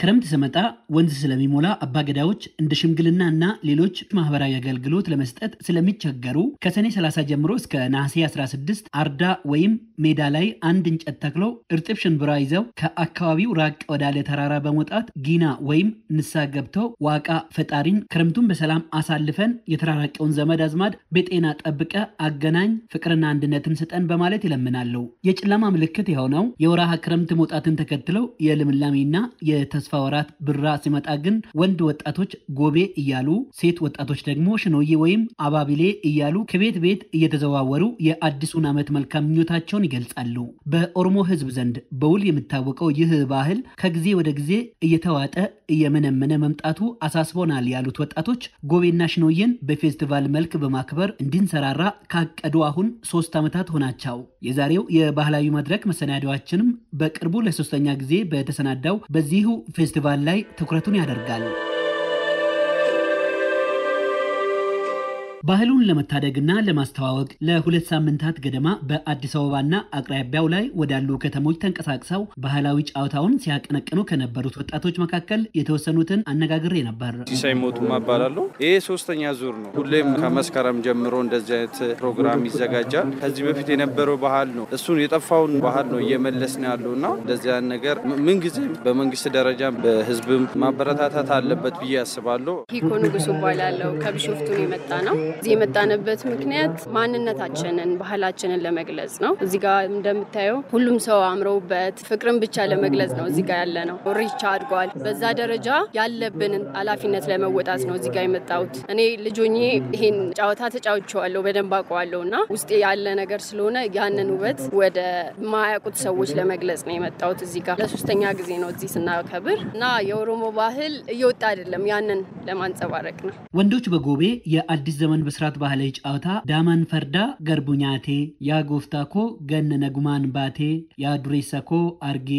ክረምት ስመጣ ወንዝ ስለሚሞላ አባገዳዎች እንደ ሽምግልና እና ሌሎች ማህበራዊ አገልግሎት ለመስጠት ስለሚቸገሩ ከሰኔ 30 ጀምሮ እስከ ነሐሴ 16 አርዳ ወይም ሜዳ ላይ አንድ እንጨት ተክለው እርጥብ ሽንብራ ይዘው ከአካባቢው ራቅ ወዳለ ተራራ በመውጣት ጊና ወይም ንሳ ገብተው ዋቃ ፈጣሪን ክረምቱን በሰላም አሳልፈን የተራራቀውን ዘመድ አዝማድ በጤና ጠብቀ አገናኝ፣ ፍቅርና አንድነትን ስጠን በማለት ይለምናለው የጨለማ ምልክት የሆነው የወርሃ ክረምት መውጣትን ተከትለው የልምላሜና የተስፋ ወራት ብራ ሲመጣ ግን ወንድ ወጣቶች ጎቤ እያሉ ሴት ወጣቶች ደግሞ ሽኖዬ ወይም አባቢሌ እያሉ ከቤት ቤት እየተዘዋወሩ የአዲሱን ዓመት መልካም ምኞታቸውን ይገልጻሉ። በኦሮሞ ሕዝብ ዘንድ በውል የሚታወቀው ይህ ባህል ከጊዜ ወደ ጊዜ እየተዋጠ እየመነመነ መምጣቱ አሳስቦናል ያሉት ወጣቶች ጎቤና ሽኖዬን በፌስቲቫል መልክ በማክበር እንድንሰራራ ካቀዱ አሁን ሶስት ዓመታት ሆናቸው። የዛሬው የባህላዊ መድረክ መሰናዳዋችንም በቅርቡ ለሶስተኛ ጊዜ በተሰናዳው በዚሁ ፌስቲቫል ላይ ትኩረቱን ያደርጋል። ባህሉን ለመታደግና ለማስተዋወቅ ለሁለት ሳምንታት ገደማ በአዲስ አበባና አቅራቢያው ላይ ወዳሉ ከተሞች ተንቀሳቅሰው ባህላዊ ጨዋታውን ሲያቀነቅኑ ከነበሩት ወጣቶች መካከል የተወሰኑትን አነጋግሬ ነበር። ሲሳይ ሞቱማ ይህ ሶስተኛ ዙር ነው። ሁሌም ከመስከረም ጀምሮ እንደዚህ አይነት ፕሮግራም ይዘጋጃል። ከዚህ በፊት የነበረው ባህል ነው፣ እሱን የጠፋውን ባህል ነው እየመለስን ያለው እና እንደዚያ ነገር ምንጊዜም በመንግስት ደረጃ በህዝብም ማበረታታት አለበት ብዬ አስባለሁ። ሂኮ ንጉሱ እባላለሁ። የመጣ ነው እዚህ የመጣንበት ምክንያት ማንነታችንን ባህላችንን ለመግለጽ ነው። እዚህ ጋር እንደምታየው ሁሉም ሰው አምረውበት ፍቅርን ብቻ ለመግለጽ ነው እዚህ ጋር ያለ ነው። ሪቻ አድጓል። በዛ ደረጃ ያለብንን ኃላፊነት ለመወጣት ነው እዚህ ጋር የመጣሁት። እኔ ልጆኜ ይሄን ጨዋታ ተጫውቸዋለሁ በደንብ አውቀዋለሁ እና ውስጤ ያለ ነገር ስለሆነ ያንን ውበት ወደ ማያውቁት ሰዎች ለመግለጽ ነው የመጣሁት እዚህ ጋር ለሶስተኛ ጊዜ ነው እዚህ ስናከብር እና የኦሮሞ ባህል እየወጣ አይደለም፣ ያንን ለማንጸባረቅ ነው። ወንዶች በጎቤ የአዲስ ዘመን ዘመን ብስራት ባህላዊ ጫወታ ዳማን ፈርዳ ገርቡኛቴ ኛቴ ያ ጎፍታ ኮ ገነ ነጉማን ባቴ ያ ዱሬሳ አርጌ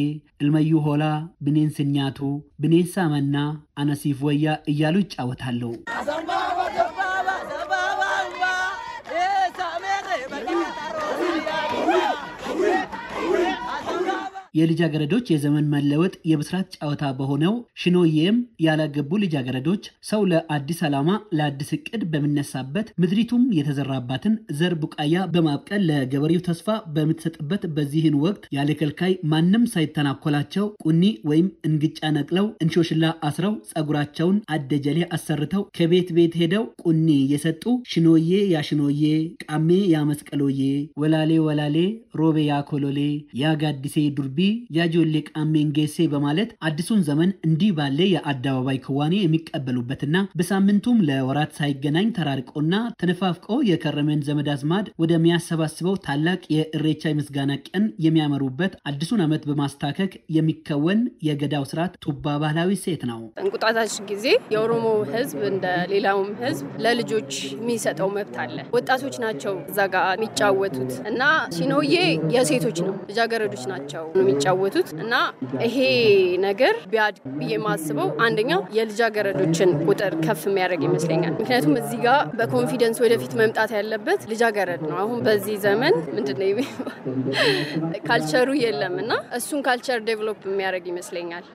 እልመዩ ሆላ ብኔን ስኛቱ ብኔንሳ መና አነሲፍ ወያ እያሉ ይጫወታለሁ። የልጃገረዶች የዘመን መለወጥ የብስራት ጨዋታ በሆነው ሽኖዬም ያላገቡ ልጃገረዶች ሰው ለአዲስ ዓላማ ለአዲስ እቅድ በሚነሳበት ምድሪቱም የተዘራባትን ዘር ቡቃያ በማብቀል ለገበሬው ተስፋ በምትሰጥበት በዚህን ወቅት ያለ ከልካይ ማንም ሳይተናኮላቸው ቁኒ ወይም እንግጫ ነቅለው እንሾሽላ አስረው ጸጉራቸውን አደጀሌ አሰርተው ከቤት ቤት ሄደው ቁኒ የሰጡ ሽኖዬ ያሽኖዬ ቃሜ ያመስቀሎዬ ወላሌ ወላሌ ሮቤ ያኮሎሌ ያጋዲሴ ዱርቢ ያጆሌ ቃሜንጌሴ በማለት አዲሱን ዘመን እንዲህ ባለ የአደባባይ ክዋኔ የሚቀበሉበትና በሳምንቱም ለወራት ሳይገናኝ ተራርቆና ተነፋፍቆ የከረመን ዘመድ አዝማድ ወደሚያሰባስበው ታላቅ የእሬቻ ምስጋና ቀን የሚያመሩበት አዲሱን ዓመት በማስታከክ የሚከወን የገዳው ስርዓት ቱባ ባህላዊ ሴት ነው። እንቁጣጣሽ ጊዜ የኦሮሞ ህዝብ እንደ ሌላውም ህዝብ ለልጆች የሚሰጠው መብት አለ። ወጣቶች ናቸው እዛ ጋ የሚጫወቱት እና ሲኖዬ የሴቶች ነው፣ ልጃገረዶች ናቸው የሚጫወቱት እና ይሄ ነገር ቢያድግ ብዬ ማስበው አንደኛ የልጃገረዶችን ቁጥር ከፍ የሚያደርግ ይመስለኛል። ምክንያቱም እዚህ ጋር በኮንፊደንስ ወደፊት መምጣት ያለበት ልጃገረድ ነው። አሁን በዚህ ዘመን ምንድነው ካልቸሩ የለም እና እሱን ካልቸር ዴቨሎፕ የሚያደርግ ይመስለኛል።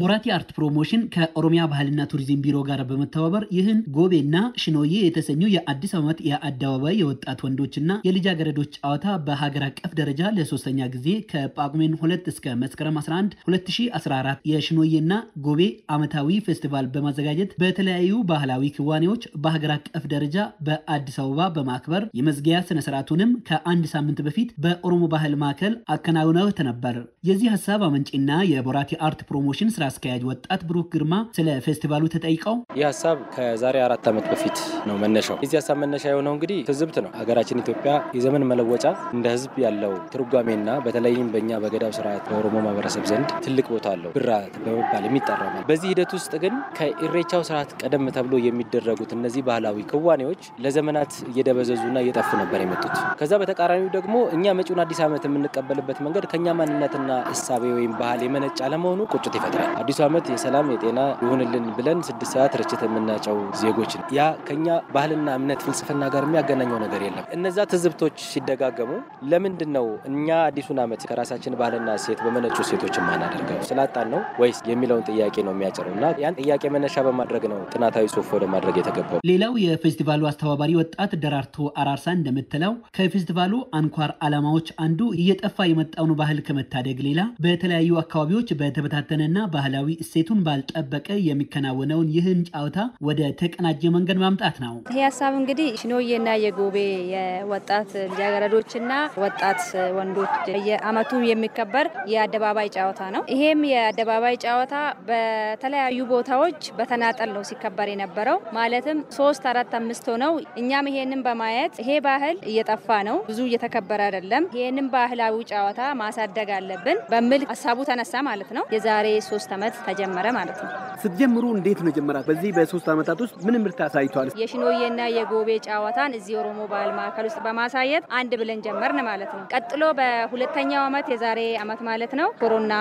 ቦራቲ አርት ፕሮሞሽን ከኦሮሚያ ባህልና ቱሪዝም ቢሮ ጋር በመተባበር ይህን ጎቤና ሽኖዬ የተሰኙ የአዲስ ዓመት የአደባባይ የወጣት ወንዶችና የልጃገረዶች ጨዋታ በሀገር አቀፍ ደረጃ ለሶስተኛ ጊዜ ከጳጉሜን 2 እስከ መስከረም 11 2014 የሽኖዬና ጎቤ ዓመታዊ ፌስቲቫል በማዘጋጀት በተለያዩ ባህላዊ ክዋኔዎች በሀገር አቀፍ ደረጃ በአዲስ አበባ በማክበር የመዝጊያ ስነስርዓቱንም ከአንድ ሳምንት በፊት በኦሮሞ ባህል ማዕከል አከናውነው ነበር። የዚህ ሀሳብ አመንጪና የቦራቲ አርት ፕሮሞሽን ስራ አስኪያጅ ወጣት ብሩክ ግርማ ስለ ፌስቲቫሉ ተጠይቀው ይህ ሀሳብ ከዛሬ አራት ዓመት በፊት ነው መነሻው። የዚህ ሀሳብ መነሻ የሆነው እንግዲህ ትዝብት ነው። ሀገራችን ኢትዮጵያ የዘመን መለወጫ እንደ ህዝብ ያለው ትርጓሜና በተለይም በእኛ በገዳው ስርዓት በኦሮሞ ማህበረሰብ ዘንድ ትልቅ ቦታ አለው። ብራ በመባል የሚጠራ በዚህ ሂደት ውስጥ ግን ከኢሬቻው ስርዓት ቀደም ተብሎ የሚደረጉት እነዚህ ባህላዊ ክዋኔዎች ለዘመናት እየደበዘዙና እየጠፉ ነበር የመጡት። ከዛ በተቃራኒው ደግሞ እኛ መጪውን አዲስ ዓመት የምንቀበልበት መንገድ ከእኛ ማንነትና እሳቤ ወይም ባህል የመነጭ አለመሆኑ ቁጭት ይፈጥራል። አዲሱ ዓመት የሰላም የጤና ይሁንልን ብለን ስድስት ሰዓት ርችት የምናጨው ዜጎች ነው። ያ ከኛ ባህልና እምነት ፍልስፍና ጋር የሚያገናኘው ነገር የለም። እነዛ ትዝብቶች ሲደጋገሙ ለምንድን ነው እኛ አዲሱን ዓመት ከራሳችን ባህልና ሴት በመነጩ ሴቶች ማናደርገው ስላጣን ነው ወይስ የሚለውን ጥያቄ ነው የሚያጭረው እና ያን ጥያቄ መነሻ በማድረግ ነው ጥናታዊ ጽሑፍ ወደ ማድረግ የተገባው። ሌላው የፌስቲቫሉ አስተባባሪ ወጣት ደራርቶ አራርሳ እንደምትለው ከፌስቲቫሉ አንኳር ዓላማዎች አንዱ እየጠፋ የመጣውን ባህል ከመታደግ ሌላ በተለያዩ አካባቢዎች በተበታተነና ባህል ባህላዊ እሴቱን ባልጠበቀ የሚከናወነውን ይህን ጨዋታ ወደ ተቀናጀ መንገድ ማምጣት ነው። ይህ ሀሳብ እንግዲህ ሽኖዬና የጎቤ የወጣት ልጃገረዶችና ወጣት ወንዶች የአመቱ የሚከበር የአደባባይ ጨዋታ ነው። ይሄም የአደባባይ ጨዋታ በተለያዩ ቦታዎች በተናጠል ነው ሲከበር የነበረው ማለትም ሶስት አራት አምስት ሆነው እኛም ይሄንን በማየት ይሄ ባህል እየጠፋ ነው፣ ብዙ እየተከበረ አይደለም፣ ይሄንን ባህላዊ ጨዋታ ማሳደግ አለብን በሚል ሀሳቡ ተነሳ ማለት ነው የዛሬ ሶስት ዓመት ተጀመረ ማለት ነው። ስትጀምሩ እንዴት ነው ጀመራ? በዚህ በሶስት ዓመታት ውስጥ ምን ምርት አሳይቷል? የሽኖዬና የጎቤ ጨዋታን እዚህ የኦሮሞ ባህል ማዕከል ውስጥ በማሳየት አንድ ብለን ጀመርን ማለት ነው። ቀጥሎ በሁለተኛው ዓመት የዛሬ ዓመት ማለት ነው ኮሮና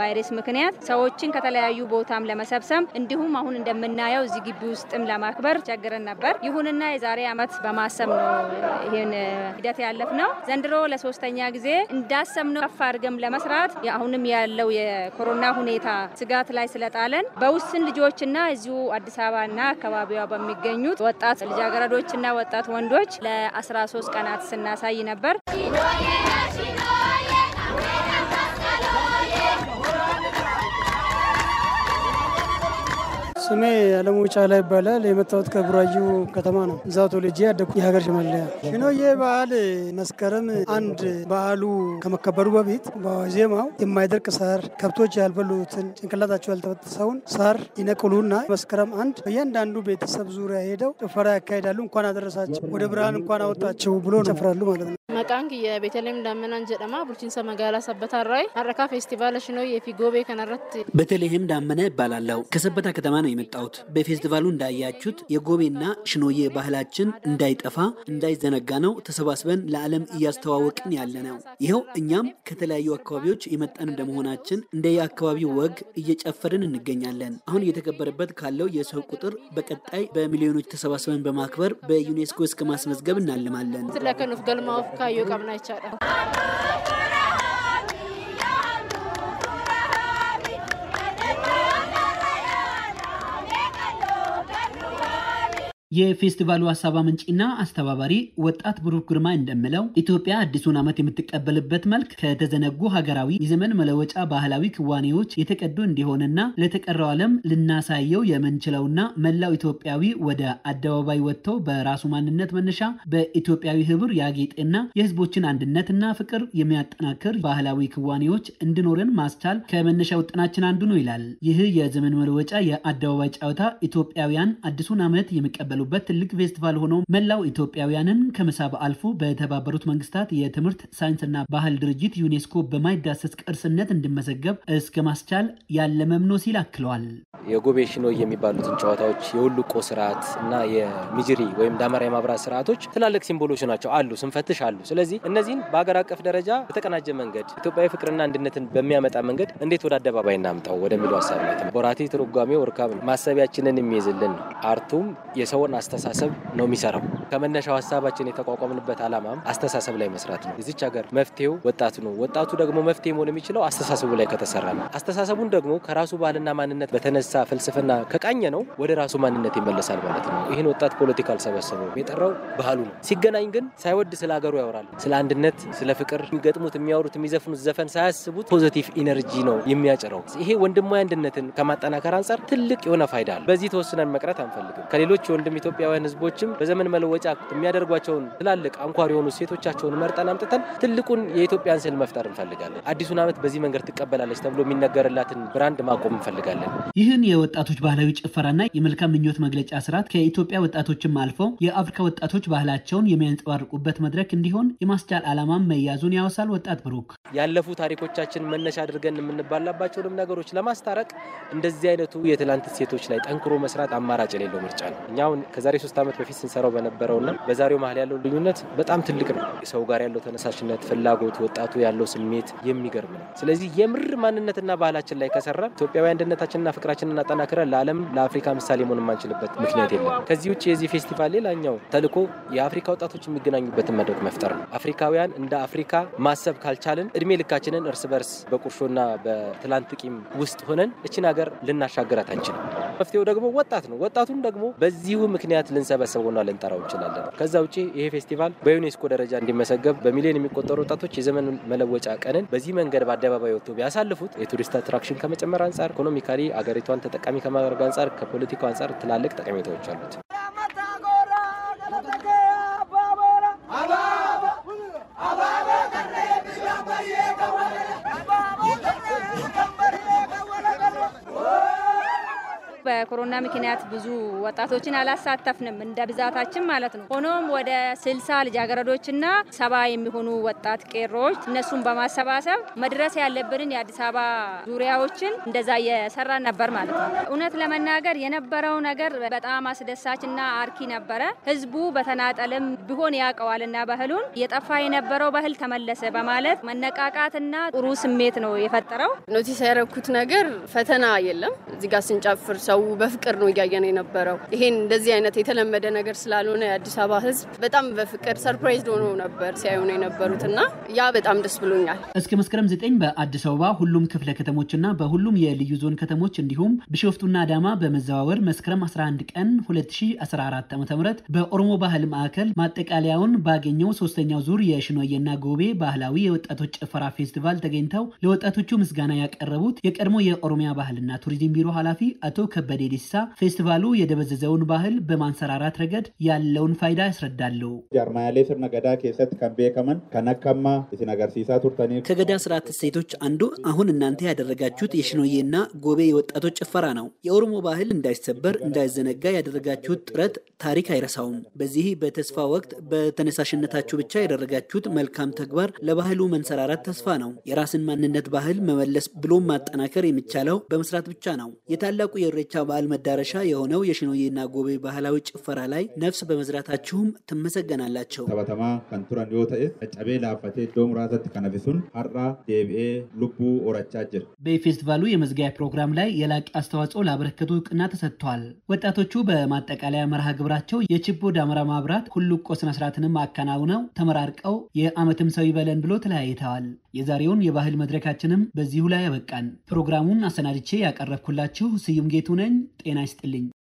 ቫይረስ ምክንያት ሰዎችን ከተለያዩ ቦታም ለመሰብሰብ እንዲሁም አሁን እንደምናየው እዚህ ግቢ ውስጥም ለማክበር ቸግረን ነበር። ይሁንና የዛሬ ዓመት በማሰብ ነው ይህን ሂደት ያለፍ ነው። ዘንድሮ ለሶስተኛ ጊዜ እንዳሰብነው ከፍ አድርገም ለመስራት አሁንም ያለው የኮሮና ሁኔታ ስጋት ላይ ስለጣለን በውስን ልጆችና እዚሁ አዲስ አበባና አካባቢዋ በሚገኙት ወጣት ልጃገረዶችና ወጣት ወንዶች ለ13 ቀናት ስናሳይ ነበር። ስሜ አለሙ ጫላ ይባላል። የመጣሁት ከቡራዩ ከተማ ነው። እዛ ተወልጄ ያደኩ የሀገር ሽማለያ ሽኖዬ በዓል መስከረም አንድ በዓሉ ከመከበሩ በፊት በዜማው የማይደርቅ ሳር ከብቶች ያልበሉትን ጭንቅላታቸው ያልተበጠሰውን ሳር ይነቅሉና መስከረም አንድ በእያንዳንዱ ቤተሰብ ዙሪያ ሄደው ጭፈራ ያካሄዳሉ እንኳን አደረሳቸው ወደ ብርሃን እንኳን አወጣቸው ብሎ ይጨፍራሉ ማለት ነው። Maqaan kiyya Beeteleem Daammanaan jedhama. Bulchiinsa magaalaa Sabbata Harraayee harrakaa feestivaala shinooyee fi goobee kanarratti. በተልሔም ዳመነ እባላለሁ። ከሰበታ ከተማ ነው የመጣሁት። በፌስቲቫሉ እንዳያችሁት የጎቤና ሽኖዬ ባህላችን እንዳይጠፋ እንዳይዘነጋ ነው ተሰባስበን ለዓለም እያስተዋወቅን ያለ ነው። ይኸው እኛም ከተለያዩ አካባቢዎች የመጣን እንደመሆናችን እንደ የአካባቢው ወግ እየጨፈርን እንገኛለን። አሁን እየተከበረበት ካለው የሰው ቁጥር በቀጣይ በሚሊዮኖች ተሰባስበን በማክበር በዩኔስኮ እስከ ማስመዝገብ እናልማለን። ቃዮ ቀብናይቻ ደ የፌስቲቫሉ ሀሳብ አመንጪና አስተባባሪ ወጣት ብሩክ ግርማ እንደምለው ኢትዮጵያ አዲሱን ዓመት የምትቀበልበት መልክ ከተዘነጉ ሀገራዊ የዘመን መለወጫ ባህላዊ ክዋኔዎች የተቀዱ እንዲሆንና ለተቀረው ዓለም ልናሳየው የምንችለውና መላው ኢትዮጵያዊ ወደ አደባባይ ወጥተው በራሱ ማንነት መነሻ በኢትዮጵያዊ ህብር ያጌጠና የህዝቦችን አንድነትና ፍቅር የሚያጠናክር ባህላዊ ክዋኔዎች እንዲኖረን ማስቻል ከመነሻ ውጥናችን አንዱ ነው ይላል። ይህ የዘመን መለወጫ የአደባባይ ጨዋታ ኢትዮጵያውያን አዲሱን ዓመት የሚቀበሉ በተካፈሉበት ትልቅ ፌስቲቫል ሆኖ መላው ኢትዮጵያውያንን ከመሳብ አልፎ በተባበሩት መንግስታት የትምህርት ሳይንስና ባህል ድርጅት ዩኔስኮ በማይዳሰስ ቅርስነት እንዲመዘገብ እስከ ማስቻል ያለመም ነው ሲል አክለዋል። የጎቤ ሽኖይ የሚባሉትን ጨዋታዎች፣ የሁልቆ ስርዓት እና የሚጅሪ ወይም ዳመራ የማብራት ስርዓቶች ትላልቅ ሲምቦሎች ናቸው አሉ ስንፈትሽ አሉ። ስለዚህ እነዚህን በሀገር አቀፍ ደረጃ በተቀናጀ መንገድ ኢትዮጵያዊ ፍቅርና አንድነትን በሚያመጣ መንገድ እንዴት ወደ አደባባይ እናምጣው ወደሚለው ሀሳብ ቦራቴ ትርጓሜው እርካብ ማሰቢያችንን የሚይዝልን አርቱም የሰውን አስተሳሰብ ነው የሚሰራው። ከመነሻው ሀሳባችን የተቋቋምንበት አላማም አስተሳሰብ ላይ መስራት ነው። እዚች ሀገር መፍትሄው ወጣቱ ነው። ወጣቱ ደግሞ መፍትሄ መሆን የሚችለው አስተሳሰቡ ላይ ከተሰራ ነው። አስተሳሰቡን ደግሞ ከራሱ ባህልና ማንነት በተነሳ ፍልስፍና ከቃኘ ነው ወደ ራሱ ማንነት ይመለሳል ማለት ነው። ይህን ወጣት ፖለቲካ አልሰበሰበው የጠራው ባህሉ ነው። ሲገናኝ ግን ሳይወድ ስለ ሀገሩ ያወራል። ስለ አንድነት፣ ስለ ፍቅር የሚገጥሙት የሚያወሩት፣ የሚዘፍኑት ዘፈን ሳያስቡት ፖዘቲቭ ኢነርጂ ነው የሚያጭረው። ይሄ ወንድማዊ አንድነትን ከማጠናከር አንጻር ትልቅ የሆነ ፋይዳ አለ። በዚህ ተወስነን መቅረት አንፈልግም። ከሌሎች የወንድም ኢትዮጵያውያን ህዝቦችም በዘመን መለወጫ መገለጫ የሚያደርጓቸውን ትላልቅ አንኳር የሆኑ ሴቶቻቸውን መርጠን አምጥተን ትልቁን የኢትዮጵያን ስዕል መፍጠር እንፈልጋለን። አዲሱን ዓመት በዚህ መንገድ ትቀበላለች ተብሎ የሚነገርላትን ብራንድ ማቆም እንፈልጋለን። ይህን የወጣቶች ባህላዊ ጭፈራና የመልካም ምኞት መግለጫ ስርዓት ከኢትዮጵያ ወጣቶችም አልፈው የአፍሪካ ወጣቶች ባህላቸውን የሚያንጸባርቁበት መድረክ እንዲሆን የማስቻል ዓላማም መያዙን ያወሳል ወጣት ብሩክ። ያለፉ ታሪኮቻችን መነሻ አድርገን የምንባላባቸውንም ነገሮች ለማስታረቅ እንደዚህ አይነቱ የትላንት ሴቶች ላይ ጠንክሮ መስራት አማራጭ የሌለው ምርጫ ነው። እኛ አሁን ከዛሬ ሶስት ዓመት በፊት ስንሰራው በነበረውና በዛሬው መሀል ያለው ልዩነት በጣም ትልቅ ነው። ሰው ጋር ያለው ተነሳሽነት፣ ፍላጎት፣ ወጣቱ ያለው ስሜት የሚገርም ነው። ስለዚህ የምር ማንነትና ባህላችን ላይ ከሰራ ኢትዮጵያዊ አንድነታችንና ፍቅራችንን አጠናክረን ለዓለም ለአፍሪካ ምሳሌ መሆን የማንችልበት ምክንያት የለም። ከዚህ ውጭ የዚህ ፌስቲቫል ሌላኛው ተልኮ የአፍሪካ ወጣቶች የሚገናኙበትን መድረክ መፍጠር ነው። አፍሪካውያን እንደ አፍሪካ ማሰብ ካልቻልን እድሜ ልካችንን እርስ በርስ በቁርሾና በትላንት ቂም ውስጥ ሆነን እችን ሀገር ልናሻገራት አንችልም። መፍትሄው ደግሞ ወጣት ነው። ወጣቱን ደግሞ በዚሁ ምክንያት ልንሰበሰበውና ልንጠራው እንችላለን። ከዛ ውጭ ይሄ ፌስቲቫል በዩኔስኮ ደረጃ እንዲመሰገብ በሚሊዮን የሚቆጠሩ ወጣቶች የዘመን መለወጫ ቀንን በዚህ መንገድ በአደባባይ ወጥቶ ቢያሳልፉት የቱሪስት አትራክሽን ከመጨመር አንጻር ኢኮኖሚካሊ አገሪቷን ተጠቃሚ ከማድረግ አንጻር ከፖለቲካው አንጻር ትላልቅ ጠቀሜታዎች አሉት። በኮሮና ምክንያት ብዙ ወጣቶችን አላሳተፍንም እንደ ብዛታችን ማለት ነው። ሆኖም ወደ ስልሳ ልጃገረዶችና ሰባ የሚሆኑ ወጣት ቄሮዎች እነሱን በማሰባሰብ መድረስ ያለብንን የአዲስ አበባ ዙሪያዎችን እንደዛ እየሰራ ነበር ማለት ነው። እውነት ለመናገር የነበረው ነገር በጣም አስደሳችና አርኪ ነበረ። ህዝቡ በተናጠልም ቢሆን ያውቀዋልና ባህሉን የጠፋ የነበረው ባህል ተመለሰ በማለት መነቃቃትና ጥሩ ስሜት ነው የፈጠረው። ኖቲስ ያደረኩት ነገር ፈተና የለም እዚጋ ስንጨፍር ሰው በፍቅር ነው እያየን የነበረው። ይሄን እንደዚህ አይነት የተለመደ ነገር ስላልሆነ የአዲስ አበባ ህዝብ በጣም በፍቅር ሰርፕራይዝ ሆኖ ነበር ሲያዩን የነበሩት እና ያ በጣም ደስ ብሎኛል። እስከ መስከረም ዘጠኝ በአዲስ አበባ ሁሉም ክፍለ ከተሞችና በሁሉም የልዩ ዞን ከተሞች እንዲሁም ቢሾፍቱና አዳማ በመዘዋወር መስከረም 11 ቀን 2014 ም በኦሮሞ ባህል ማዕከል ማጠቃለያውን ባገኘው ሶስተኛው ዙር የሽኖዬና ጎቤ ባህላዊ የወጣቶች ጭፈራ ፌስቲቫል ተገኝተው ለወጣቶቹ ምስጋና ያቀረቡት የቀድሞ የኦሮሚያ ባህልና ቱሪዝም ቢሮ ኃላፊ አቶ ከበደ ዲሳ ፌስቲቫሉ የደበዘዘውን ባህል በማንሰራራት ረገድ ያለውን ፋይዳ ያስረዳሉ። ከገዳ ስርዓት እሴቶች አንዱ አሁን እናንተ ያደረጋችሁት የሽኖዬና ጎቤ የወጣቶች ጭፈራ ነው። የኦሮሞ ባህል እንዳይሰበር እንዳይዘነጋ ያደረጋችሁት ጥረት ታሪክ አይረሳውም። በዚህ በተስፋ ወቅት በተነሳሽነታችሁ ብቻ ያደረጋችሁት መልካም ተግባር ለባህሉ መንሰራራት ተስፋ ነው። የራስን ማንነት ባህል መመለስ ብሎም ማጠናከር የሚቻለው በመስራት ብቻ ነው። የታላቁ የእሬቻ የኢሬቻ በዓል መዳረሻ የሆነው የሽኖዬና ጎቤ ባህላዊ ጭፈራ ላይ ነፍስ በመዝራታችሁም ትመሰገናላቸው። ተባተማ ከንቱረን ዮተኤ ተኤ ጨቤ ላፈቴ ከነፊሱን ሀራ ዴቢኤ ልቡ ኦረቻ ጅር በፌስቲቫሉ የመዝጋያ ፕሮግራም ላይ የላቅ አስተዋጽኦ ላበረከቱ እውቅና ተሰጥቷል። ወጣቶቹ በማጠቃለያ መርሃ ግብራቸው የችቦ ዳመራ ማብራት ሁሉቆ ስነስርዓትንም አከናውነው ተመራርቀው የዓመትም ሰው ይበለን ብሎ ተለያይተዋል። የዛሬውን የባህል መድረካችንም በዚሁ ላይ ያበቃን። ፕሮግራሙን አሰናድቼ ያቀረብኩላችሁ ስዩም ጌቱ ነኝ። ጤና ይስጥልኝ።